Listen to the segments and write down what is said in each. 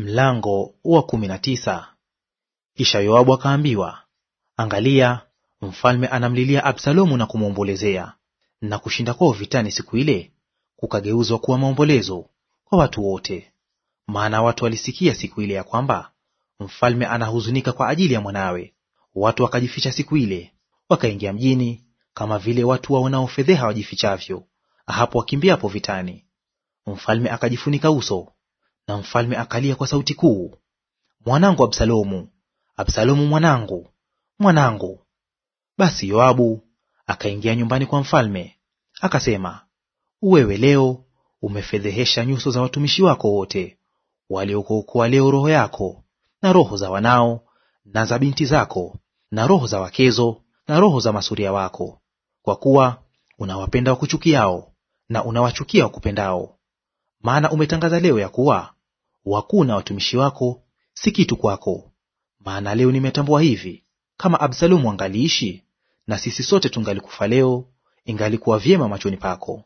Mlango wa kumi na tisa. Kisha Yoabu akaambiwa, angalia, mfalme anamlilia Absalomu na kumwombolezea. Na kushinda kwao vitani siku ile kukageuzwa kuwa maombolezo kwa watu wote, maana watu walisikia siku ile ya kwamba mfalme anahuzunika kwa ajili ya mwanawe. Watu wakajificha siku ile, wakaingia mjini kama vile watu waonao fedheha wajifichavyo, hapo wakimbiapo vitani. Mfalme akajifunika uso na mfalme akalia kwa sauti kuu, mwanangu Absalomu, Absalomu mwanangu, mwanangu! Basi Yoabu akaingia nyumbani kwa mfalme, akasema, wewe leo umefedhehesha nyuso za watumishi wako wote waliokookoa leo roho yako na roho za wanao na za binti zako na roho za wakezo na roho za masuria wako, kwa kuwa unawapenda wakuchukiao na unawachukia wakupendao. Maana umetangaza leo ya kuwa wakuu na watumishi wako si kitu kwako. Maana leo nimetambua hivi, kama Absalomu angaliishi, na sisi sote tungalikufa leo, ingalikuwa vyema machoni pako.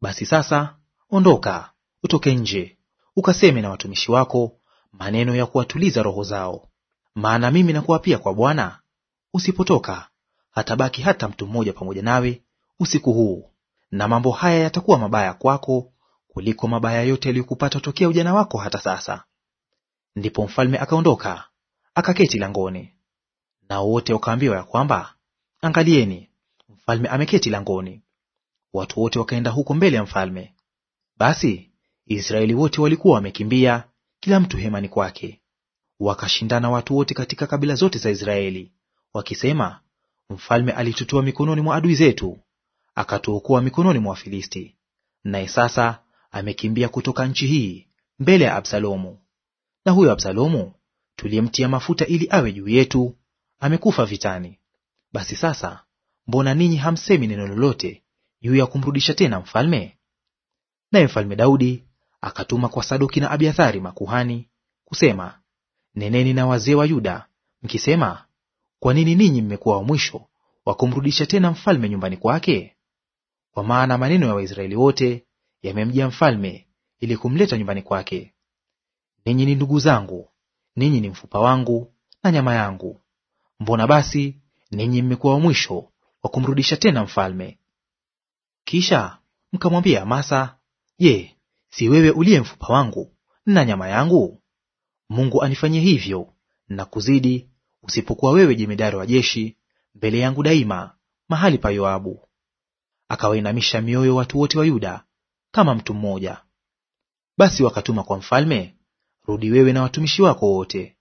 Basi sasa ondoka, utoke nje, ukaseme na watumishi wako maneno ya kuwatuliza roho zao. Maana mimi nakuapia kwa Bwana, usipotoka hatabaki hata mtu mmoja pamoja nawe usiku huu, na mambo haya yatakuwa mabaya kwako kuliko mabaya yote yaliyokupata tokea ujana wako hata sasa. Ndipo mfalme akaondoka akaketi langoni, nao wote wakaambiwa ya kwamba, angalieni, mfalme ameketi langoni. Watu wote wakaenda huko mbele ya mfalme. Basi Israeli wote walikuwa wamekimbia kila mtu hemani kwake. Wakashindana watu wote katika kabila zote za Israeli wakisema, mfalme alitutoa mikononi mwa adui zetu akatuokoa mikononi mwa Wafilisti, naye sasa amekimbia kutoka nchi hii mbele ya Absalomu. Na huyo Absalomu tuliyemtia mafuta ili awe juu yetu amekufa vitani. Basi sasa, mbona ninyi hamsemi neno lolote juu ya kumrudisha tena mfalme? Naye mfalme Daudi akatuma kwa Sadoki na Abiathari makuhani kusema, neneni na wazee wa Yuda mkisema, kwa nini ninyi mmekuwa wa mwisho wa kumrudisha tena mfalme nyumbani kwake? Kwa maana maneno ya Waisraeli wote yamemjia mfalme ili kumleta nyumbani kwake. Ninyi ni ndugu zangu, ninyi ni mfupa wangu na nyama yangu. Mbona basi ninyi mmekuwa wa mwisho wa kumrudisha tena mfalme? Kisha mkamwambia Amasa, Je, si wewe uliye mfupa wangu na nyama yangu? Mungu anifanyie hivyo na kuzidi, usipokuwa wewe jemedari wa jeshi mbele yangu daima mahali pa Yoabu. Akawainamisha mioyo watu wote wa Yuda kama mtu mmoja. Basi wakatuma kwa mfalme, rudi wewe na watumishi wako wote.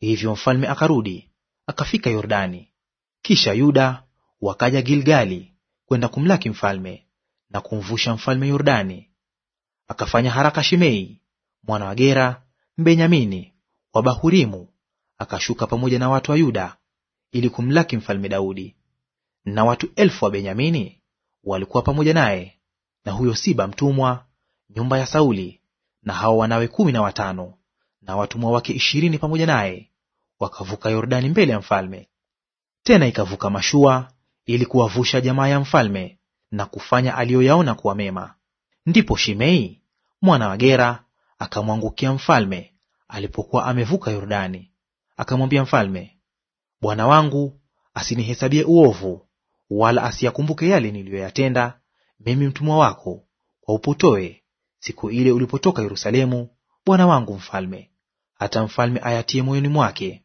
Hivyo mfalme akarudi akafika Yordani. Kisha Yuda wakaja Gilgali kwenda kumlaki mfalme na kumvusha mfalme Yordani. Akafanya haraka Shimei mwana wa Gera Mbenyamini wa Bahurimu akashuka pamoja na watu wa Yuda ili kumlaki mfalme Daudi, na watu elfu wa Benyamini walikuwa pamoja naye na huyo Siba mtumwa, nyumba ya Sauli, na hao wanawe kumi na watano na watumwa wake ishirini pamoja naye, wakavuka Yordani mbele ya mfalme. Tena ikavuka mashua ili kuwavusha jamaa ya mfalme na kufanya aliyoyaona kuwa mema. Ndipo Shimei mwana wa Gera akamwangukia mfalme alipokuwa amevuka Yordani, akamwambia mfalme, Bwana wangu asinihesabie uovu, wala asiyakumbuke yale niliyoyatenda mimi mtumwa wako, kwa upotoe siku ile ulipotoka Yerusalemu, bwana wangu mfalme, hata mfalme ayatie moyoni mwake.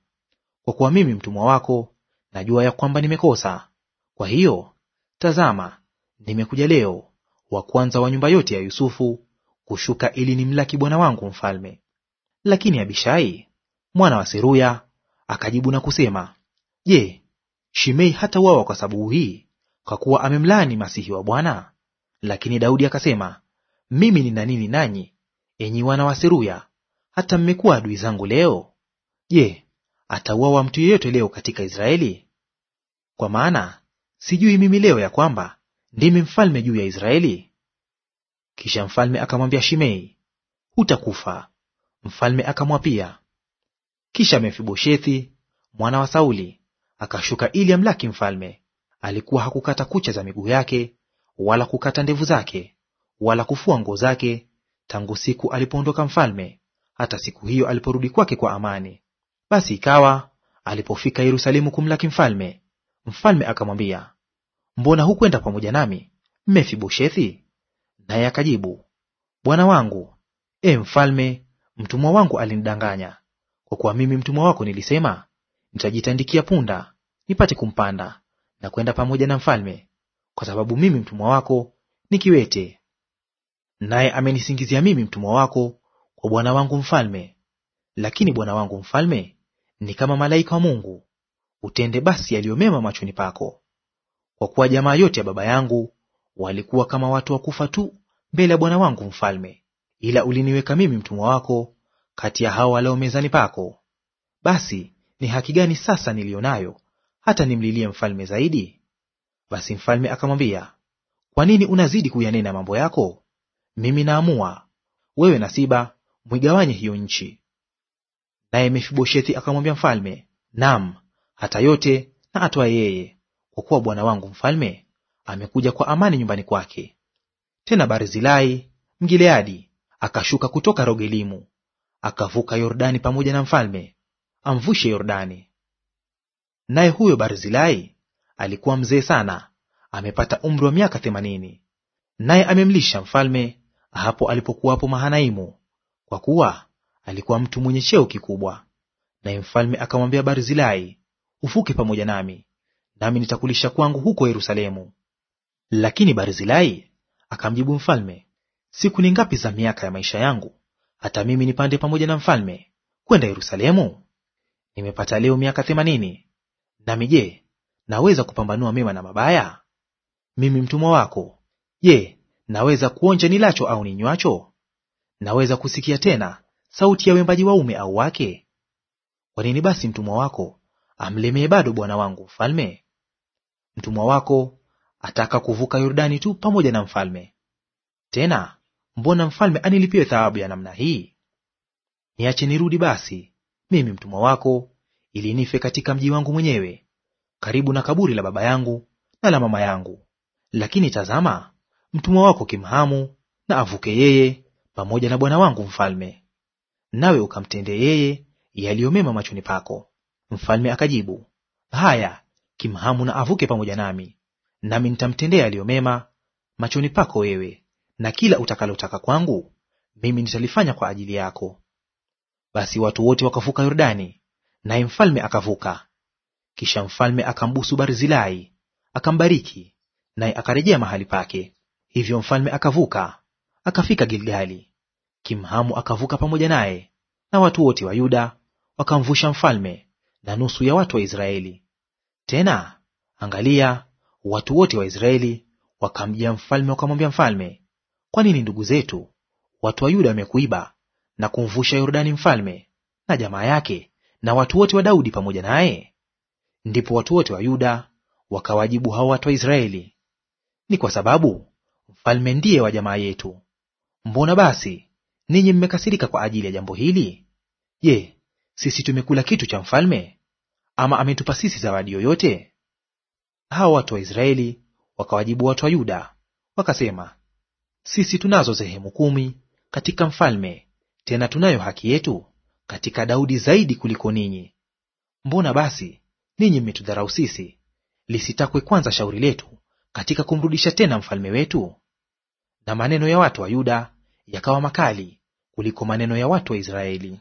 Kwa kuwa mimi mtumwa wako najua ya kwamba nimekosa. Kwa hiyo tazama, nimekuja leo wa kwanza wa nyumba yote ya Yusufu kushuka ili nimlaki bwana wangu mfalme. Lakini Abishai mwana wa Seruya akajibu na kusema, Je, Shimei hata hatauawa kwa sababu hii, kwa kuwa amemlaani masihi wa Bwana? Lakini Daudi akasema, mimi nina nini nanyi, enyi wana wa Seruya, hata mmekuwa adui zangu leo? Je, atauawa mtu yeyote leo katika Israeli? Kwa maana sijui mimi leo ya kwamba ndimi mfalme juu ya Israeli? Kisha mfalme akamwambia Shimei, hutakufa. Mfalme akamwapia. Kisha Mefiboshethi mwana wa Sauli akashuka ili amlaki mfalme. Alikuwa hakukata kucha za miguu yake, wala kukata ndevu zake, wala kufua nguo zake, tangu siku alipoondoka mfalme hata siku hiyo aliporudi kwake kwa amani. Basi ikawa alipofika Yerusalemu kumlaki mfalme, mfalme akamwambia, mbona hukwenda pamoja nami Mefiboshethi? Naye akajibu, bwana wangu, e mfalme, mtumwa wangu alinidanganya, kwa kuwa mimi mtumwa wako nilisema, nitajitandikia punda nipate kumpanda na kwenda pamoja na mfalme kwa sababu mimi mtumwa wako ni kiwete. Naye amenisingizia mimi mtumwa wako kwa bwana wangu mfalme. Lakini bwana wangu mfalme ni kama malaika wa Mungu; utende basi yaliyo mema machoni pako. Kwa kuwa jamaa yote ya baba yangu walikuwa kama watu wa kufa tu mbele ya bwana wangu mfalme, ila uliniweka mimi mtumwa wako kati ya hao walao mezani pako. Basi ni haki gani sasa niliyo nayo hata nimlilie mfalme zaidi? Basi mfalme akamwambia, kwa nini unazidi kuyanena mambo yako? Mimi naamua, wewe na Siba mwigawanye hiyo nchi. Naye Mefiboshethi akamwambia mfalme, nam hata yote na atwaye yeye, kwa kuwa bwana wangu mfalme amekuja kwa amani nyumbani kwake. Tena Barzilai Mgileadi akashuka kutoka Rogelimu, akavuka Yordani pamoja na mfalme, amvushe Yordani. Naye huyo Barzilai alikuwa mzee sana, amepata umri wa miaka themanini, naye amemlisha mfalme hapo alipokuwapo Mahanaimu, kwa kuwa alikuwa mtu mwenye cheo kikubwa. Naye mfalme akamwambia Barzilai, ufuke pamoja nami, nami nitakulisha kwangu huko Yerusalemu. Lakini Barzilai akamjibu mfalme, siku ni ngapi za miaka ya maisha yangu hata mimi nipande pamoja na mfalme kwenda Yerusalemu? Nimepata leo miaka themanini. Nami je, naweza kupambanua mema na mabaya? Mimi mtumwa wako, je, naweza kuonja nilacho au ninywacho? Naweza kusikia tena sauti ya wembaji waume au wake? Kwa nini basi mtumwa wako amlemee bado bwana wangu mfalme? Mtumwa wako ataka kuvuka Yordani tu pamoja na mfalme. Tena mbona mfalme anilipiwe thawabu ya namna hii? Niache nirudi basi, mimi mtumwa wako, ili nife katika mji wangu mwenyewe karibu na kaburi la baba yangu na la mama yangu. Lakini tazama, mtumwa wako Kimhamu na avuke yeye pamoja na bwana wangu mfalme, nawe ukamtendee yeye yaliyo mema machoni pako. Mfalme akajibu, haya, Kimhamu na avuke pamoja nami, nami nitamtendea yaliyo mema machoni pako wewe, na kila utakalotaka kwangu mimi nitalifanya kwa ajili yako. Basi watu wote wakavuka Yordani, naye mfalme akavuka kisha mfalme akambusu Barzilai, akambariki, naye akarejea mahali pake. Hivyo mfalme akavuka akafika Gilgali. Kimhamu akavuka pamoja naye, na watu wote wa Yuda wakamvusha mfalme na nusu ya watu wa Israeli. Tena angalia, watu wote wa Israeli wakamjia mfalme wakamwambia mfalme, kwa nini ndugu zetu watu wa Yuda wamekuiba na kumvusha Yordani mfalme na jamaa yake na watu wote wa Daudi pamoja naye? Ndipo watu wote wa Yuda wakawajibu hao watu wa Israeli, ni kwa sababu mfalme ndiye wa jamaa yetu. Mbona basi ninyi mmekasirika kwa ajili ya jambo hili? Je, sisi tumekula kitu cha mfalme, ama ametupa sisi zawadi yoyote? Hao watu wa Israeli wakawajibu watu wa Yuda wakasema, sisi tunazo sehemu kumi katika mfalme, tena tunayo haki yetu katika Daudi zaidi kuliko ninyi. Mbona basi ninyi mmetudharau sisi; lisitakwe kwanza shauri letu katika kumrudisha tena mfalme wetu? Na maneno ya watu wa Yuda yakawa makali kuliko maneno ya watu wa Israeli.